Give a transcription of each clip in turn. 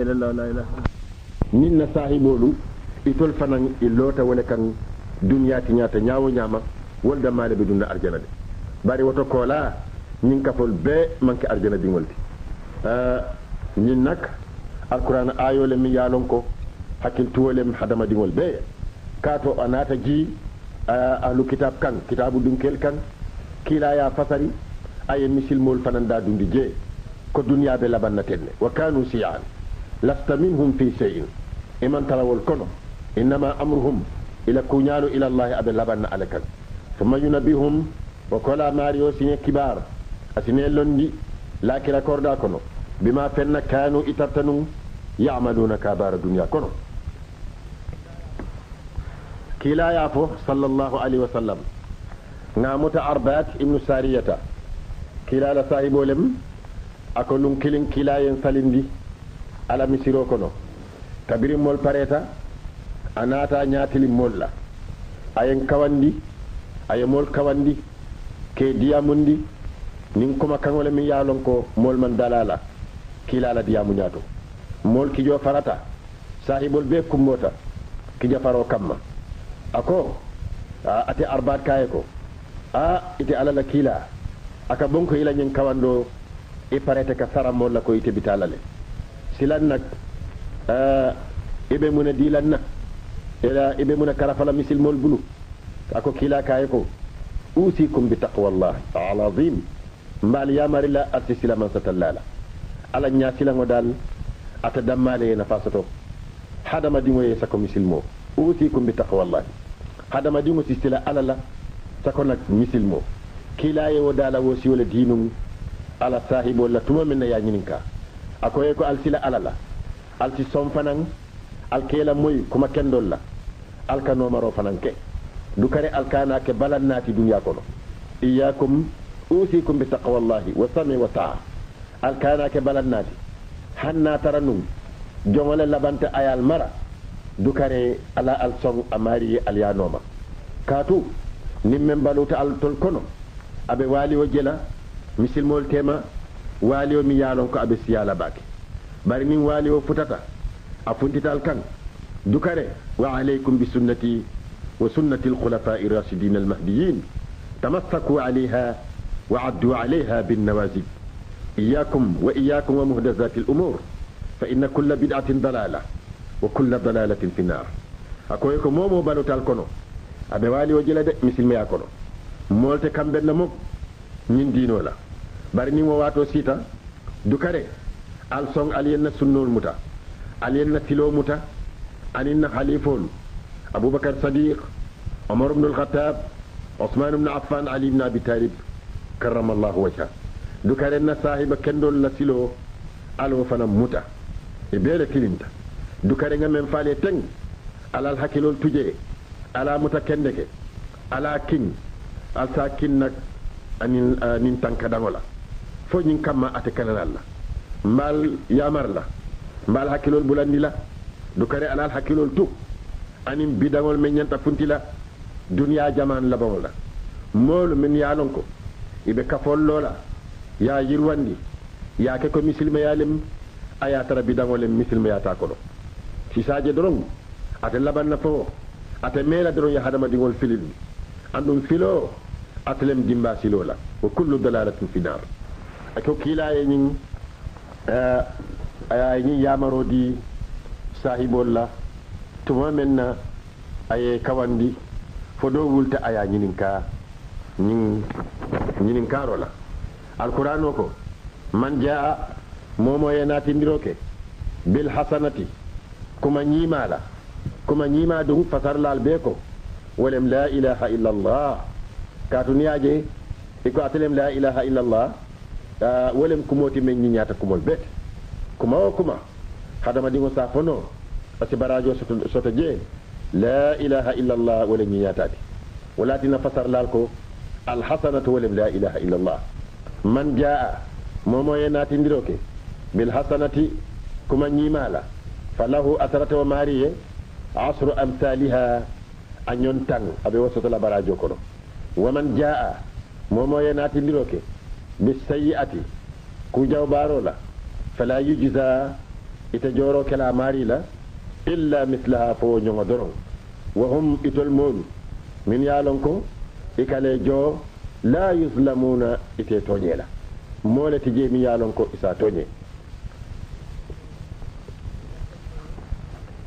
illallah la ilaha nin na sahibolu itol fanan illota wala kan duniya ti nyata nyawo nyama walda male be dunna arjana de bari wato kola nin kafol be manke arjana din walti euh nin nak alquran ayole mi yalon ko hakil tuwole mi hadama din be kato anata ji ahlu kitab kan kitabu dunkel kan kila ya fasari aye misil mol dundi je ko duniya be labanna wa kanu siyan لست منهم في شيء إما تروا الكنو إنما أمرهم إلى كونيال إلى الله أبي لبن عليك ثم ينبيهم وكلا ماريو سيني كبار أسيني لندي لا كلا كوردا كنو بما فن كانوا إترتنو يعملون كبار الدنيا كنو كلا يافو صلى الله عليه وسلم نامت أربات ابن سارية كلا لصاحب لم أكلن كلين كلا دي ala misiro kono kabirimmol pareta a naata ñaatilimmol la ayen kawandi aye mol kawandi ke diyamundi nin kuma kaŋole min ye lon ko mol man dala la kiila la diyamu mol kijo farata sahibol be kummota kija faro kamma ako a ate arbat kaye ko a ite ala la kiila aka bonko ila ñin kawando i parete ka saramol la ko ite bitala le silannak ibe muna dilanna ila ibe muna karafala misil mol bulu ako kila kaye ko usikum bi taqwallah al azim mbal yamari la atti silaman satallala ala nya silango dal ata dammale na fasato hadama dimo ye sako misil mo usikum bi taqwallah hadama dimo si sila ala la sako nak misil mo kila ye wo dala wo si dinum ala sahibo la tuma minna ya nyininka akoye ko alsila alala alti som fanan alkela moy kuma kendol la alka nomaro fanan ke du kare alkana ke balan nati dunya kono iyyakum usikum bi taqwallahi wa sami wa ta'a alkana ke balan nati hanna taranum jomale labanta ayal mara du kare ala alson amari alyanoma katu nimmen baluta al tol kono abe wali o jela misilmol tema waliyo mi yalon ko aɓe siyala bake bari min waliyo futata a funtital kan dukare wa alaykum bi sunnati wa sunnati alkhulafai rasidin almahdiyin tamassaku alayha wa addu alayha binnawazib iyakum wa iyakum wa muhdasati lumur fa inna kulla bidatin dalala wa kulla dalalatin fi nar akoye ko momo balotal kono aɓe waliyo jela de misilmeya kono molte kamɓen na mom ñin dinola bari ni mo wato sita dukare al song aliyenna sunnol muta aliyenna filo muta aninna khalifol abubakar sadiq عمر بن الخطاب عثمان بن عفان علي بن ابي طالب كرم الله وجهه دوكارنا صاحب كندول لسيلو الو فانا موتا ابيل كلينتا دوكارنا من فالي تن على الحكيلول توجي على موتا كندك على كين على ساكنك ان ان تنكدانولا fo ñing kamma ate kananalla mbal yamarla mbal hakkilol bulandila du kare alal hakkilol tu anin bidangol men ñanta funtila duniya jaman labaŋol la moolu min ye lon ko ibe kafol loola ya yirwandi ya ke ko misilmaya lem a ye tara bidaŋo lem misilmayata kono sisaje doroŋ ate labanna fo ate meela doroŋ ye hadamadiŋol fililmi andum filo atelem dimba silo la wa kullu dalalatin fi nar ko kiilaye ñin aye ñin yamarodi sahibol la tuma men na aye kawandi fo do wulta aya ñininka ñin ñininkaro la alquran o ko man jaa momoye natindiro ke bil kuma ñiima la kuma ñiima dun fasarlaal bee ko wolem la ilaha illa allah kaatu niyaje iko atelem la ilaha illa allah wolem kumoti men ñiñata kumol bet kuma o kuma hadama ɗigo sa fono parce que barajo soto, soto jeen la ilaha illallah wolem ñiñatade walatina fasar lal ko alhasanatu wolem la ilaha illallah man jaa momoye natindiro ke bilhasanati kuma ñimala falahu asarata o maariye asru amsaliha a ñon tan aɓe wosotola barajo kono waman jaa momoye natindiro ke bisayi'ati ku jawbaro la fala yujza ita joro kala mari la illa mislaha fo ñoŋo doroŋ wa hum itol moolu min ye lon ko i kale jo la yuslamuna ite toñe la moo le ti je min ye lon ko isa toñe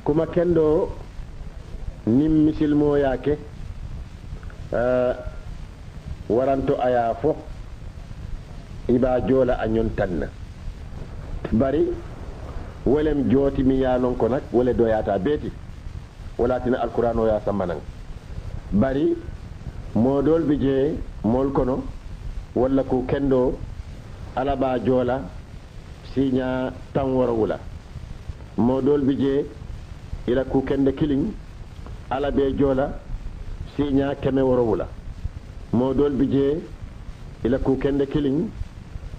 kuma kendo nin misilmoya ke uh, waranto a ye fo iba joola a ñon tanna bari welem jooti mi yaanon ko nag wele doyata beeti walatina alquran o ya sammanan bari moodol bi jee mool kono walla ko kendo alaɓa joola siña tan woro wula moodol bi jee ila ku kende kiliŋ ala ɓe joola siña keme woro wula moodol bi jee ila ku kende kiliŋ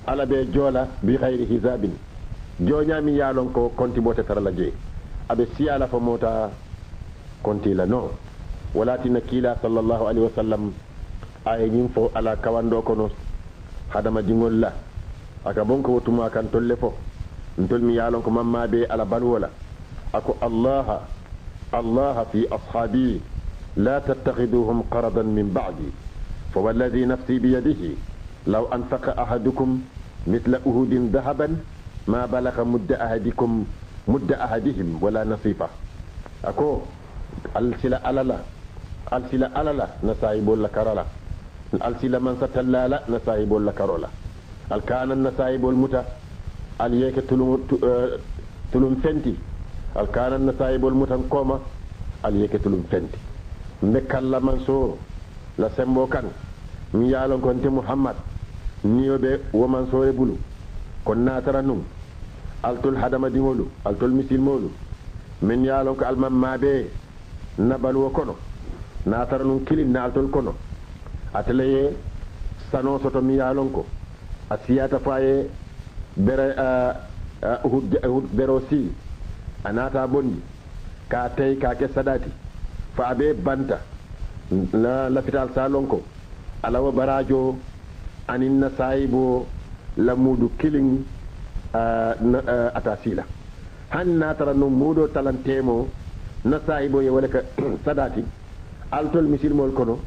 ala be jola bi hizabin jonya joñami yalon ko konti bote tara laje abe siyala fa mota konti la no walatina kila sallallahu alaihi wasallam ay nim fo ala kawando no hadama jingol la aka bonko wotuma kan tolle fo mi yalon ko mamma be ala balwola ako allah allah fi ashabi la tattakhiduhum qaradan min ba'di فوالذي نفسي بيده لو أنفق أحدكم مثل أهود ذهبا ما بلغ مد أحدكم مد أحدهم ولا نصيفة أكو ألسل ألالا ألسل ألالا نسايب ولا كرلا ألسل من ستلالا نسايب ولا كرلا الكان النسايب المتا أليك تلوم فنتي آه، الكان النسايب المتا كوما أليك تلوم فنتي نكلا منصور لا سمبو كان ميالون كنت محمد niyo be womansore bulu ko natara nun altol hadamadiŋolu altol misilmolu min ye lon ko alman mabe nabaluwo kono natara nun kilin na altol kono atele ye sano soto mi ye lon ko a siyata fa ye bere hud bero si a nata bondi ka tayi ka ke sadati fa abe banta na lafital sa lon ko alawo barajo aninna saayi bo lamudu kiliŋ ata siila han natara no muɗo talantemo na saayi bo yewole ka sadati altol misilmol kono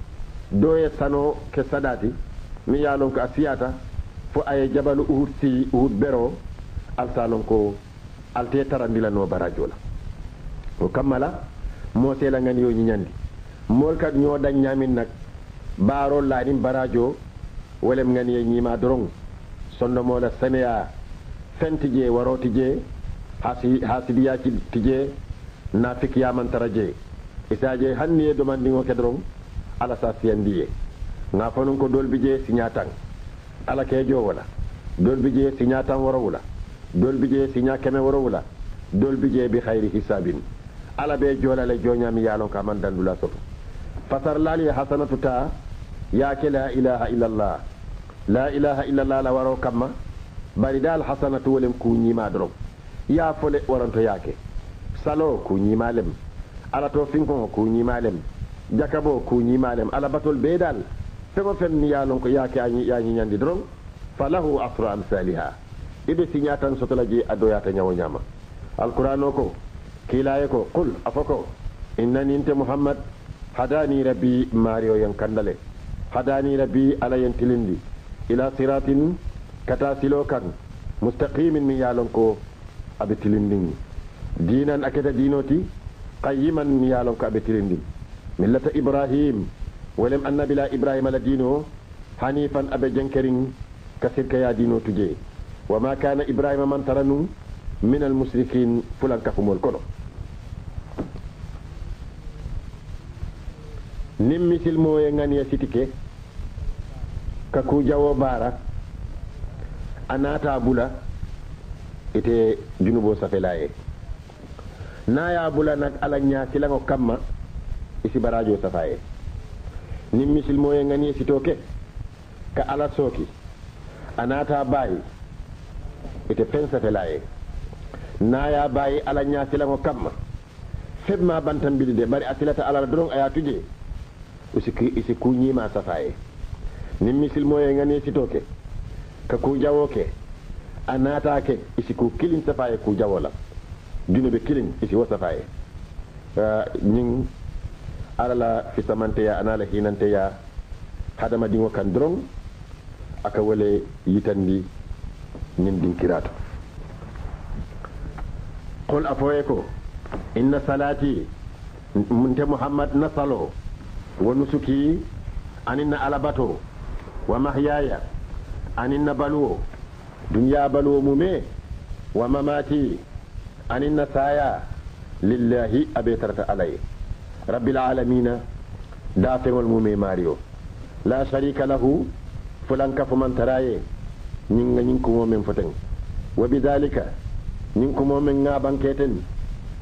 doye sano ke sadati mi yalon ko a siyata fo aye jabalu uhud si uhud bero alsalon ko alte tarandilano barajo la o kammala mosela ngani yo ñiñandi molkat ñoo dañ ñamin nag baaro laanin barajo o wolem ngan ye ñima dorong sonno mola saneya fenti je waroti je hasi hasidiya ci tije nafik ya man taraje isaje hanni e domandi ngo kedron ala sa siyandiye nga fanon ko dolbi je sinyatan ala ke jowala dolbi je sinyatan warawula dolbi je sinya keme warawula dolbi je bi khairi hisabin ala be jolale jonyami yalon ka man dandula soto fasar lali hasanatu ta ya ke la ilaha illallah la ilaha illallah la waro kamma bari dal hasanatu wolem ku ñima dorom ya fole waranto yake salo ku ñimalem ala to finkon ku ñimalem jakabo ku ñimalem ala batol be dal fego fen ni yalon ko yake añi yañi ñandi dorom falahu asru amsaliha ibe siña tan sotola je adoyata ñawo ñama alquran o ko kiilaye ko qul afoko innani nte muhammad hadani rabbi mario yen kandale hadani rabbi ala yen tilindi ila siratin kata silo kan mustaqimin min yalon ko aɓe tilindin dinan aketa dinoti qayyiman mi yalon ko aɓe tilindin millata ibrahim welem annabila ibrahima la dino hanifan aɓe jenkerin ka sirka ya dino tuje wa ma kana ibrahima mantara nu min almusrikin fulankafumol kono nin misilmoye ganiya sitike ka kujawo mbara a naata bula ite junubo safelaye naya bula nak ala ñakilango kamma isi barajo safaye nin misilmoye ngani e sitoke ka ala sooki a naata bayi ite pen safelaye naya bayi ala ñakilango kamma feb ma bantambilide bari a silata alala doron aya tuje usi, isi kuñima safaye nin nga ngani e toke ka ku jawo ke a ke isi ku kilin safaye ku jawo la be kilin isi wasa safaye ah, ñin ala la fisamanteya ana la hinanteya hadamadiŋo kan dron aka wale yitandi nin kirato qul a foye ko inna salati munte muhammad nasalo wa nusuki anin na alabato ومحياي إن بلو دنيا بلو ممي ومماتي إن سايا لله أبيترت علي رب العالمين دافع المومي ماريو لا شريك له فلان كف من تراي نين نينكو مومن فتن وبذلك نينكو مومن غابن كيتن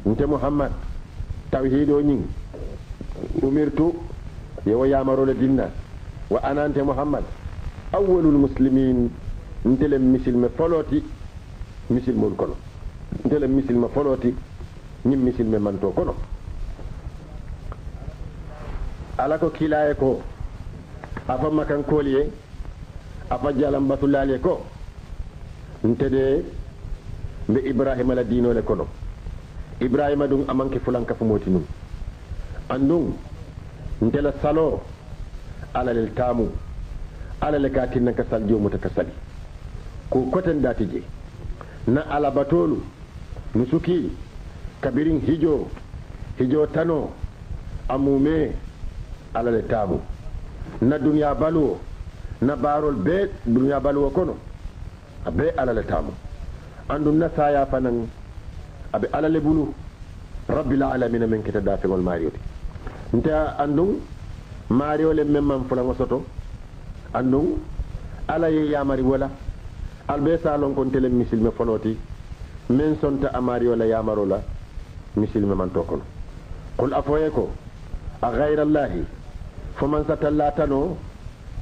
انت محمد توحيدو نين أمرت يويا مرول الدين wa anante muhammad awalul muslimin ntelem misilme folooti misilmol kono ntelem misilme folooti ñim misilme manto kono ala ko kilaye ko afa makankooli ye afa jalambatulaali ye ko ntede mbe ibrahima la diinole kono ibrahima dum amanke fulankafumooti num andum ntela saloo alalil tamu alal katin na kasal jomu ta kasali ko kwatan da ta je na alabatolu nusuki kabirin hijo hijo tano amume alal tamu na duniya baluwo na barol be duniya baluwo kono abe alal tamu dun na saya fanan abe alal bulu rabbil alamin min kita dafe gol mariyoti ta andum maari ole men man fulaŋo soto anndun ala ye yamari wola albe sa lon kon telen misilme foloti min sonta a maario la yamaro la misilme man to kono qul a foye ko a gayrallahi foman sa tallatano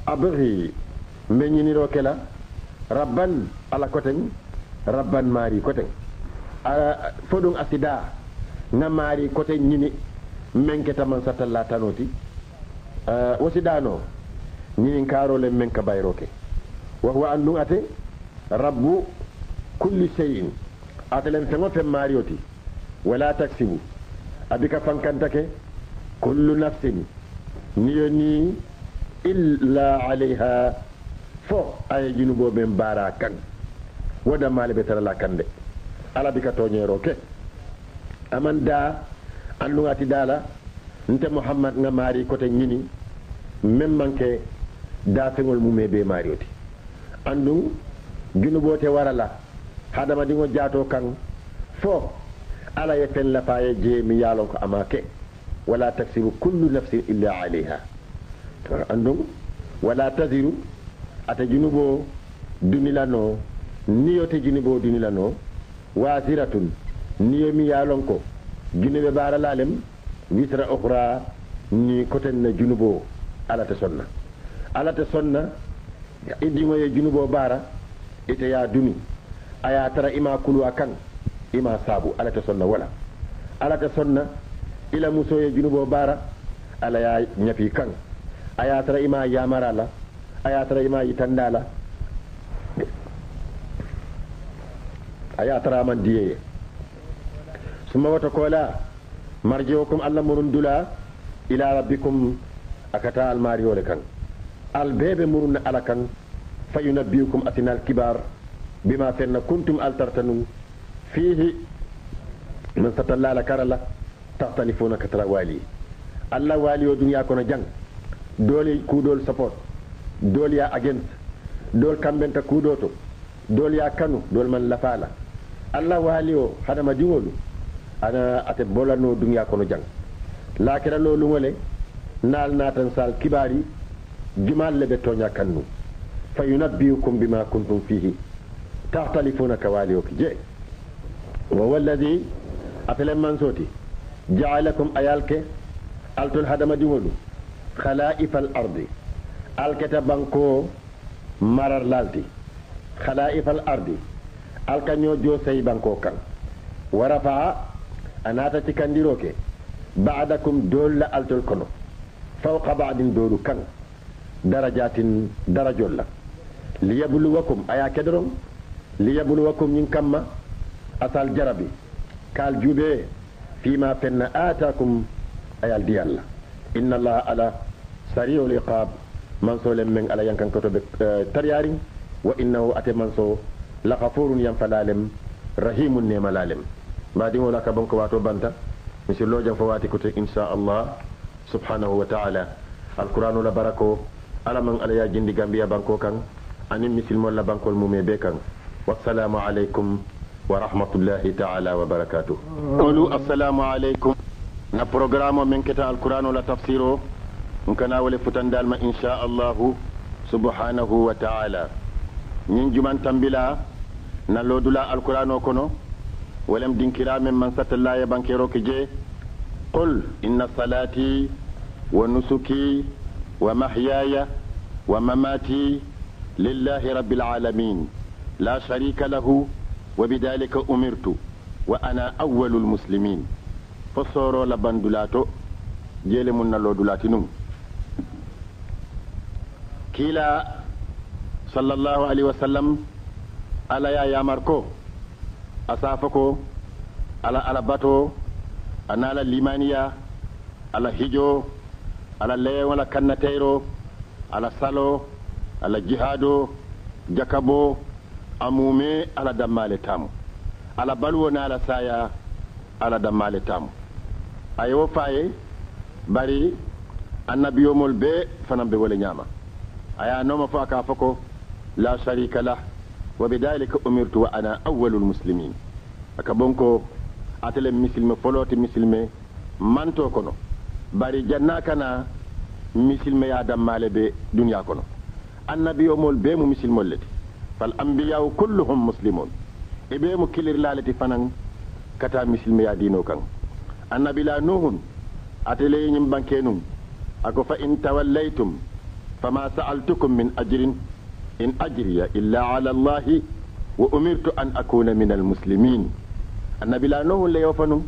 abri mbe ñiniro ke la rabban ala koteŋ rabban maari koteŋ fo ɗum a sida na maari koteŋ ñini men ke ta man sa tallatano ti Eh, wosiɗano ñinin karolen men ka bayroke wahuwa andun ate rabbu kulli cheyin atelen feŋo fen maariyoti wala taksibu abi ka fankantake kullu nafsin niyo ni illa alayha fo aye junubo men baara kan wo dammaale be tarala kan de ala bi ka toñeero ke aman daa andugati daala nte mouhammad nga maari kote ñini même manque dafeŋol mume be maario ti andum junuboote wara la hadama ɗi ŋo jaato kaŋ fo ala ye fen lafaye jeemi yaalon ko ama ke wala tasiru kullu nafsin illa aleyha to andum wala tasiru ata junubo dunila no niyote junubo dunila no wasiratun niyomi yaalon ko junube baaralalem witra ohra ni kotenne junubo alata sonna alata sonna idiŋoye junubo baara iteya duni aya tara ima kuluwa kan ima saabu alata sonna wala alata sonna ila musoye junubo baara alaya ñapi kan aya tara ima yamara la aya tara ima yitanda la aya tara man diyeye sumawoto koola marjewokum allah murun dula ila rabbikum akata almariyole kan albeɓe murunna ala kan fa atinal kibar bima fenna kuntum altartanum fihi min satallala karala tahtalifuna katara wali allah wali o duniya kono jang dooli kuudol support dool ya against dool kamɓenta kuuɗo to ya kanu dool man lafaala allah waali hadama diŋolu ana ate bolano duniya kono jang lakira no lungole nal natan sal kibari gimal lebe tonya kannu fa yunabbiukum bima kuntum fihi tahtalifuna kawali okije wa walladhi atelen man soti ja'alakum ayalke altul hadama dingolu khala'ifa al-ardi alkata banko marar lalti khala'ifa al-ardi alkanyo jo sey banko kan wa rafa'a anata ci kandiro ke ba'dakum dol la altol kono fawqa ba'din dolu kan darajatin darajol la liyabluwakum aya kedron liyabluwakum nyin kamma asal jarabi kal jube fima fenna atakum ayal diyalla inna allaha ala sari'ul iqab man so lem men ala yankan koto be taryari wa innahu ate man so la ghafurun yam falalem rahimun ne malalem بعدين ولا كبن كواتو بنتا مثل لو جن فواتي كتر إن شاء الله سبحانه وتعالى القرآن لا بركو على من على يجند جنبيا بنكو كان أن مثل مولا بنكو المومي بكان والسلام عليكم ورحمة الله تعالى وبركاته قولوا السلام عليكم نا بروغرام من كتاب القرآن la تفسيره ممكن أول فتن دالما إن شاء الله سبحانه وتعالى nyin juman tambila القرآن lodula ولم دينكرا من سات الله يبنكرو جي قل إن صلاتي ونسكي ومحياي ومماتي لله رب العالمين لا شريك له وبذلك أمرت وأنا أول المسلمين فصورو لبندولاتو جيل من اللودولاتنم كيلا صلى الله عليه وسلم على يا ماركو a safa ko ala alabato ana ala limaniya ala hijo ala leewo ala kannateyro ala salo ala jihado jakabo amume ala dammale tamu ala baluwo na ala saya ala dammale tamu a yewo faye bari annabiyomol be fanan be wole ñama aya noma fo aka foko ko la sharika lah وبذلك أمرت وأنا أول المسلمين أكبونكو أتلم مسلم فلوت مسلم من توكنو bari janna kana misilme ya dammale be duniya kono annabiyo mol be mu misilmol leti fal anbiya'u kulluhum muslimun e be mu kilirlaleti fanan kata misilme ya dino kan annabila nuhun ateleyin bankenum ako fa in tawallaytum fama sa'altukum min ajrin إن أجري إلا على الله وأمرت أن أكون من المسلمين النبي لا نوه اللي يوفنو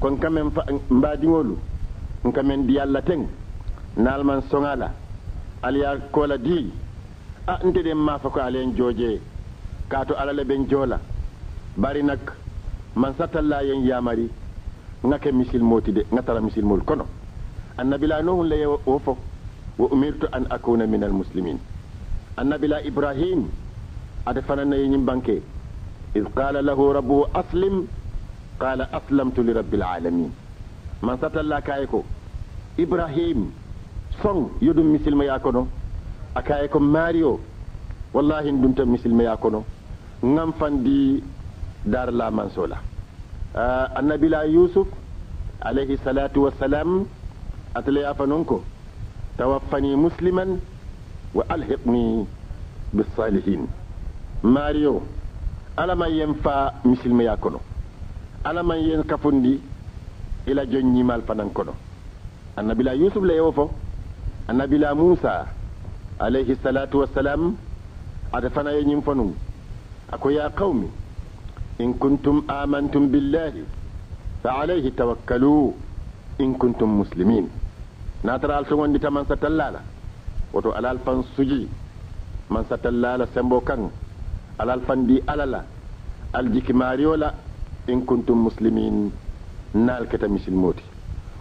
كون كمن مبادي ولو كمن ديالتين نالمان سونالا أليا كولا دي أه، أنت دي ما فكو علين جوجي كاتو على لبن جولا bari nag man satalla yen yamari ngake misil moti de ngatara misil mol kono annabi la nohun la wo fo wa umirtu an akuna minal muslimin أن النبي إبراهيم أدفنن ينين بانكي إذ قال له ربه أسلم قال أسلمت لرب العالمين من سات الله كايكو إبراهيم صن يدوم مثل ما يكونو أكايكو ماريو والله إن دمت مثل ما يكونو نمفن دي دار لا منسولة آه النبي يوسف عليه الصلاة والسلام أتلي أفنونكو توفني مسلما وألحقني بالصالحين ماريو ألا ما ينفع مثل ما يكون ألا ما ينكفندي إلى جني مال فننكون النبي لا يوسف لا يوفو النبي لا موسى عليه الصلاة والسلام أدفنا ينفنون أكو يا قومي إن كنتم آمنتم بالله فعليه توكلوا إن كنتم مسلمين ناترى السوان دي تمان ستلالا woto alal fan suji man satallala sembo kan alal fan di alala aljiki mariola in kuntum muslimin nal keta misilmoti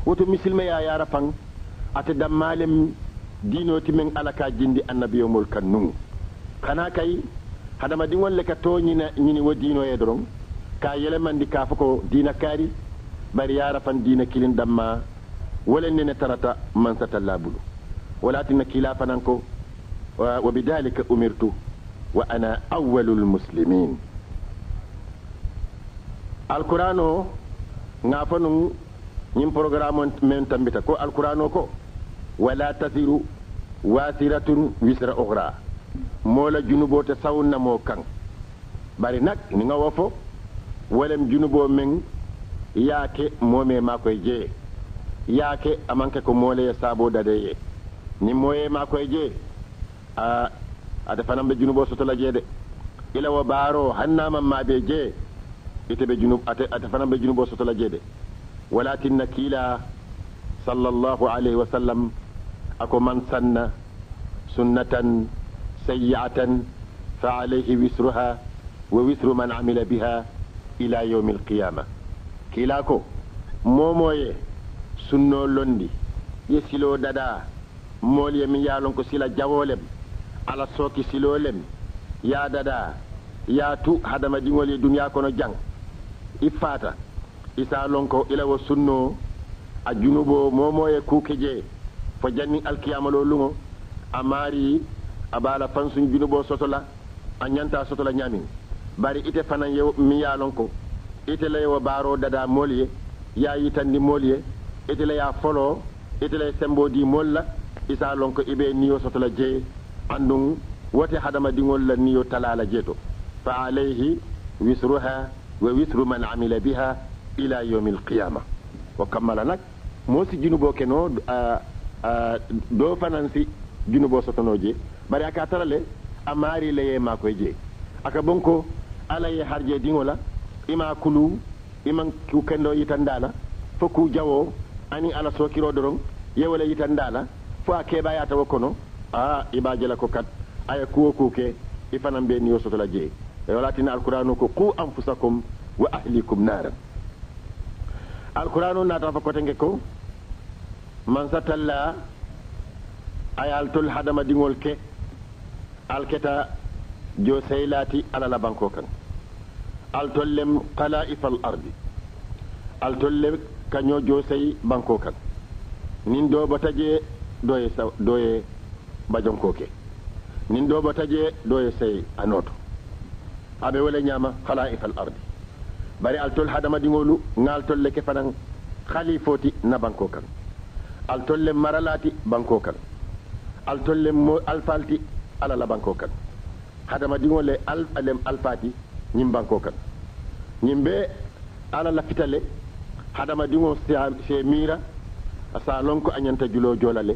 woto misilma ya yara pan ate dammalem dinoti men alaka jindi annabiyomol kan nun kana kay hadama dingol le ka to ñina ñini wo dino ye doron ka yelemandi ka fo ko dina kaari bari yara fan dina kilin damma wala nene tarata man satalla bulu ولكن كلافنكو وبذلك أمرت وأنا أول المسلمين القرآن نافن من برنامج من تنبيتك القرآن كو ولا تثير واسرة وسر أخرى مولا جنوبو تساونا مو كان bari nag ni nga wofo walem junuboo meŋ yaake moomee maa koy jeye yaake amanke ko moole ye saaboo dade ye ni moye ma koy je a ada fanam be junubo soto la je de ila wa baro hanna hannama ma be je ite be junub ate ate fanam be junubo soto la je de walakin nakila sallallahu alaihi sallam ako man sanna sunnatan sayyatan fa alayhi wisruha wa wisru man amila biha ila yawmil qiyamah kilako momoye sunno londi yesilo dada moolu ye miŋ ye ko sila jawoo ala sooki siloo lem ye a dadaa ye tu hadamadiŋolu ye duniyaa kono jaŋ i faata i se a loŋ ko i la wo sunnoo a junuboo moo ye kuu jee fo janniŋ alkiyamaloo luŋo a maari a be a la fansuŋ junuboo soto la a ñanta soto la ñaamiŋ bari ite fanaŋ ye miŋ ye a loŋ ko ite la ye wo baaroo dadaa moolu ye ye a yitandi moolu ye ite la ye a foloo ite la ye semboo dii moolu la isa lon ko ibe niyo sotola je andum wote hadama dingol la niyo talala jeto fa alayhi wisruha wa wisru man amila biha ila yawmil qiyama wa kamala nak mosi junubo keno do fanansi junubo sotono je bari aka tarale amari le ye mako je aka bonko ala ye harje dingola ima kulu iman ku kendo yitandala foku jawo ani ala sokiro doron yewole yitandala fo a keɓayata wo kono aa i ɓa jela ko kat aya kuwo kuu ke i fanan be niyo sotola jee e walatina alquranu ko qu anfusakum wa ahlikum naran alquranu nata fa kotenge ko man satalla al tol hadama dingol ke alketa jo laati alala banko kan altollem qala'ifa al ardi altolle kaño kañoo sey banko kan nin do jee doye doye mbajonkoke nin ɗoɓo taje doye sey a noto aɓe wole ñama hala ifal e ardi bari altol hadama ɗiŋolu ngaltolle kefanan hali foti na banko kan altolle maralati banko kan altolle alfalti alala banko kan hadama ɗiŋole alalem alfati ñin banko kan ñin ɓe alala fitale hadama ɗiŋo se mira sa lonko a ñanta julo jolale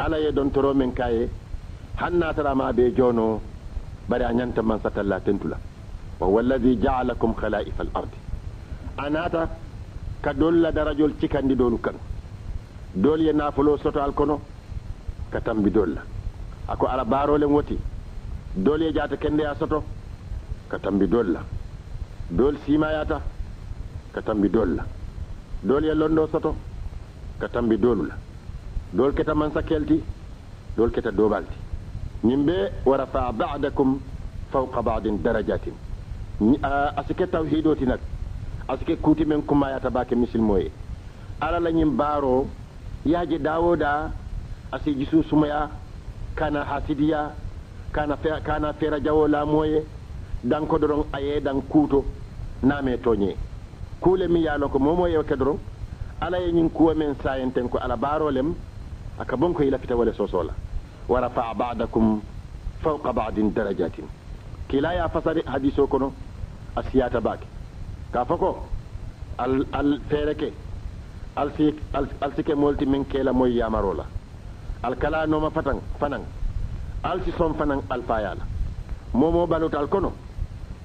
ala ye toro min ka ye han na tara ma be jono bari a ñanta man satalla tentula wa huwa jaalakum khalaifa al ardi a ka dol la darajol cikandi dolu kan dol ye nafolo soto al kono ka tambi dol la ako ala barolen woti dol ye jata kende ya soto ka tambi dol la dol simayata ka tambi dol la dol ye londo soto ka tambi dolu la dol keta mansakelti dol keta dobalti ñimbe wa rafa'a ba'dakum fawqa ba'din darajatin asike tawhidoti nak asike kuti men kumayata bake misilmoye ala la ñim baaro yaaje dawoda asi jisu sumaya kana hasidiya kana fe, kana fera jawo lamoye danko doron aye dan kuto name toñe kule mi yalo ko momo yew ke doron ala ye ñin kuwa men sayenten ko ala baarolem akabonko ila fita wala sosola wa rafa'a ba'dakum fawqa ba'din darajatin kila ya fasari hadiso kono asiyata baki ka fako al al fereke al sik al sike molti min kela moy yamarola al kala no ma fatan fanan al si son fanan al fayala momo balotal kono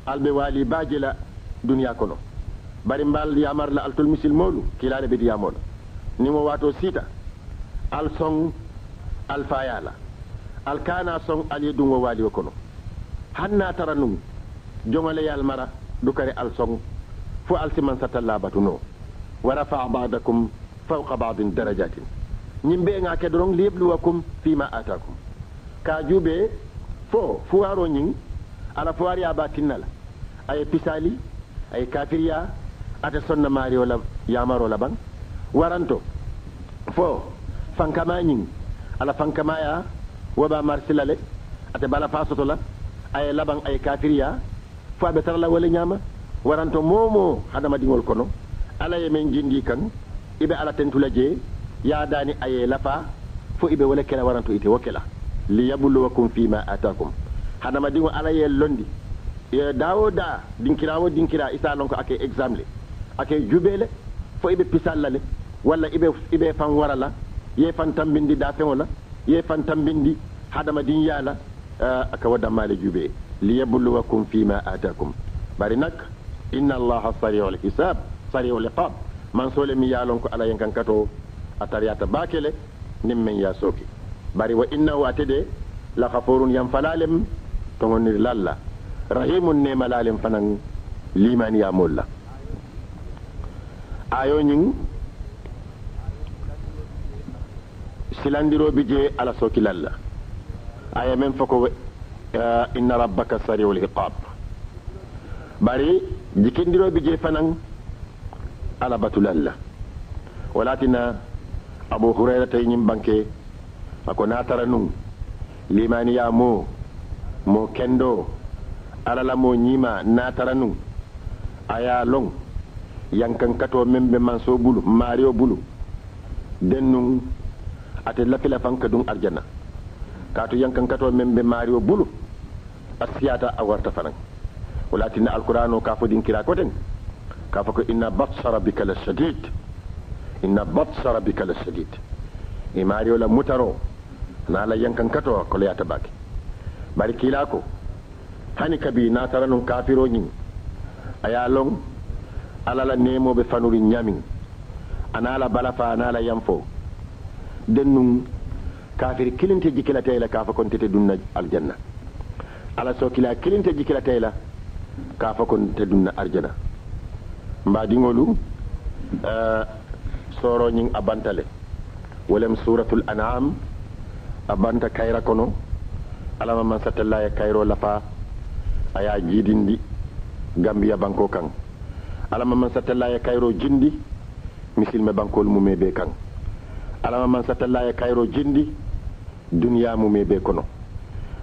al be wali bajela duniya kono bari mbal yamar la al tul molu kila ne bidi ni mo wato sita al song al fayala al song ali dungo wali wo kono hanna taranum jomale yal mara dukare al song fo al siman satallabatu no wa rafa'a ba'dakum fawqa ba'din darajatin nyimbe nga ke dorong liyebluwakum fima atakum ka jube fo fuwaro nying ala fuwari abatinnala ay pisali ay kafiriya ata sonna mari wala yamaro laban waranto fo fankama ñing ala fankamaya woba marsila le ate bala fa soto la aye laban aye kafiriya fo aɓe tara wale. wala ñama waranto momo hadamadiŋol kono ala ye men jindi kan iɓe ala tentula je yadani aye lafa fo ibe wale kela waranto ite wo kela liyabluwakum fima atakum hadamadiŋo ala ye londi dawo da dinkira wo dinkira isa lon ko ake exemple ake jubele fo ibe pisalla le walla ibe ibe fan la yefan tambindi dafeŋo la yefan tambindi hadamadinyaa la uh, a kawo dammaale jube liyabluwakum fima atakum bari nak inna allah sariu lhisab sariu liqab mansole mi yaalon ko ala yankan kato a tariyata baakele nin men ya sooki bari wa innahu ate de la hafurun yanfalalem togonir lalla rahimun nemalalem fanan limaniyamolla ayoñing silandiroɓe je ala sokilalla aya men foko eh, inna rabbaka sariul hiqab bari jikindiroɓe je fanan ala batulalla walatina abou hurayra tay ñim banke ako natara num limaniya mo mo kendo alala mo ñima natara num aya long yankankato membe manso bulu mario bulu den nun ate lafila fanka dun arjana kaatu yankankato men be maario bulu a siyata a warta fanan walatinna alqur'ano ka fo din kira koten ka fo ko inna batsa rabbika la shadid inna batsa rabbika la shadid e maario la mutaro na la yankankato ko la tabaki bari kila ko hani kabi na taranun kafiro nyin aya long alala nemo be fanuri nyamin anala balafa anala yamfo dennum kafiri kilinte jikila tayla kafa kon tete dunna aljanna ala sokila kilinte jikila tayla kafa kon tete dunna arjana mbadiŋolu uh, eh, soro nying abantale walem suratul an'am abanta banta kono alama mansatalla ya kairo lafa aya jidindi jiidindi gambiya banko kaŋ alama mansatalla ya kairo jindi misilme bankolu mume be kan. alama man satalla e kayro jindi duniya mume be kono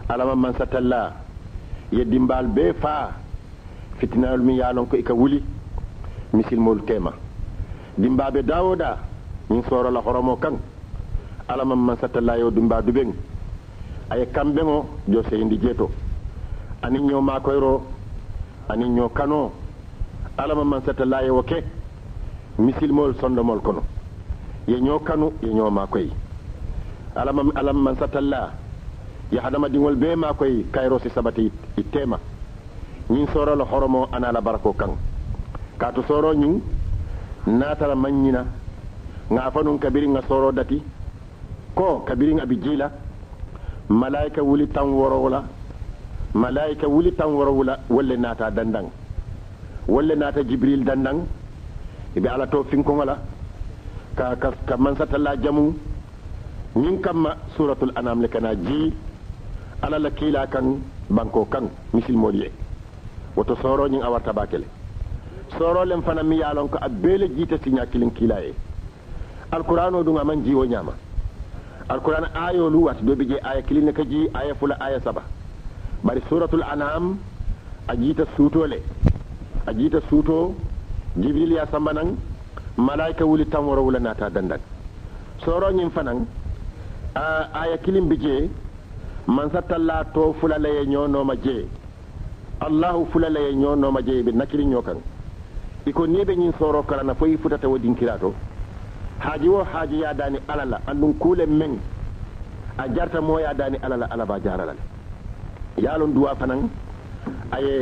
alama man satalla yeddimbal be faa fitinal e min yalonko ika wuli misilmol tema dimbaɓe dawoda min sorola horomo kan alama man satalla yo dimba duɓen aye kamɓe o jo seyidi jeeto anin ño makoyro anin ño kano alama man satalla yewo ke misilmol sondomol kono ye ñoo kanu ye ñoo makoy alam alam man satalla ya hadama dingol be makoy kairo si sabati itema nyin soro lo horomo ana la barako kan ka to soro ñin natala manñina nga fanun kabiri nga soro dati ko kabiri nga bijila malaika wuli tan wula. malaika wuli tan wula wolle nata dandang wolle nata jibril dandang ibe ala to finkongola ka ka ka man satalla jamu ñin kamma suratul anam le kana ji ala la kiila kan banko kan misil moliye wato soro ñiŋ a warta baa kele sooro lem fana mi yalon ko abele jita le jiita siñaa kiliŋ kiila ye alkurano duŋ a maŋ jiiwo ñaama alkurana aayoolu waati doo bi aya kilin ka ji aya fula aya saba bari suratul anam ajita jiita suutoo le a jiita jibril ya a malayika wuli tan woro wula naata dandag soroñin fanan aya kilim bi je mansa talla to fulalaye ñonoma je allahu fulalaye ñonoma je ɓe nakiriño kan iko ni ɓe ñin soro karana fo i futata wo dinkira to haaji wo haaji yadani alala andum kuule men a jarta mo yadani alala alaba jaralal yaalon duwa fanan aye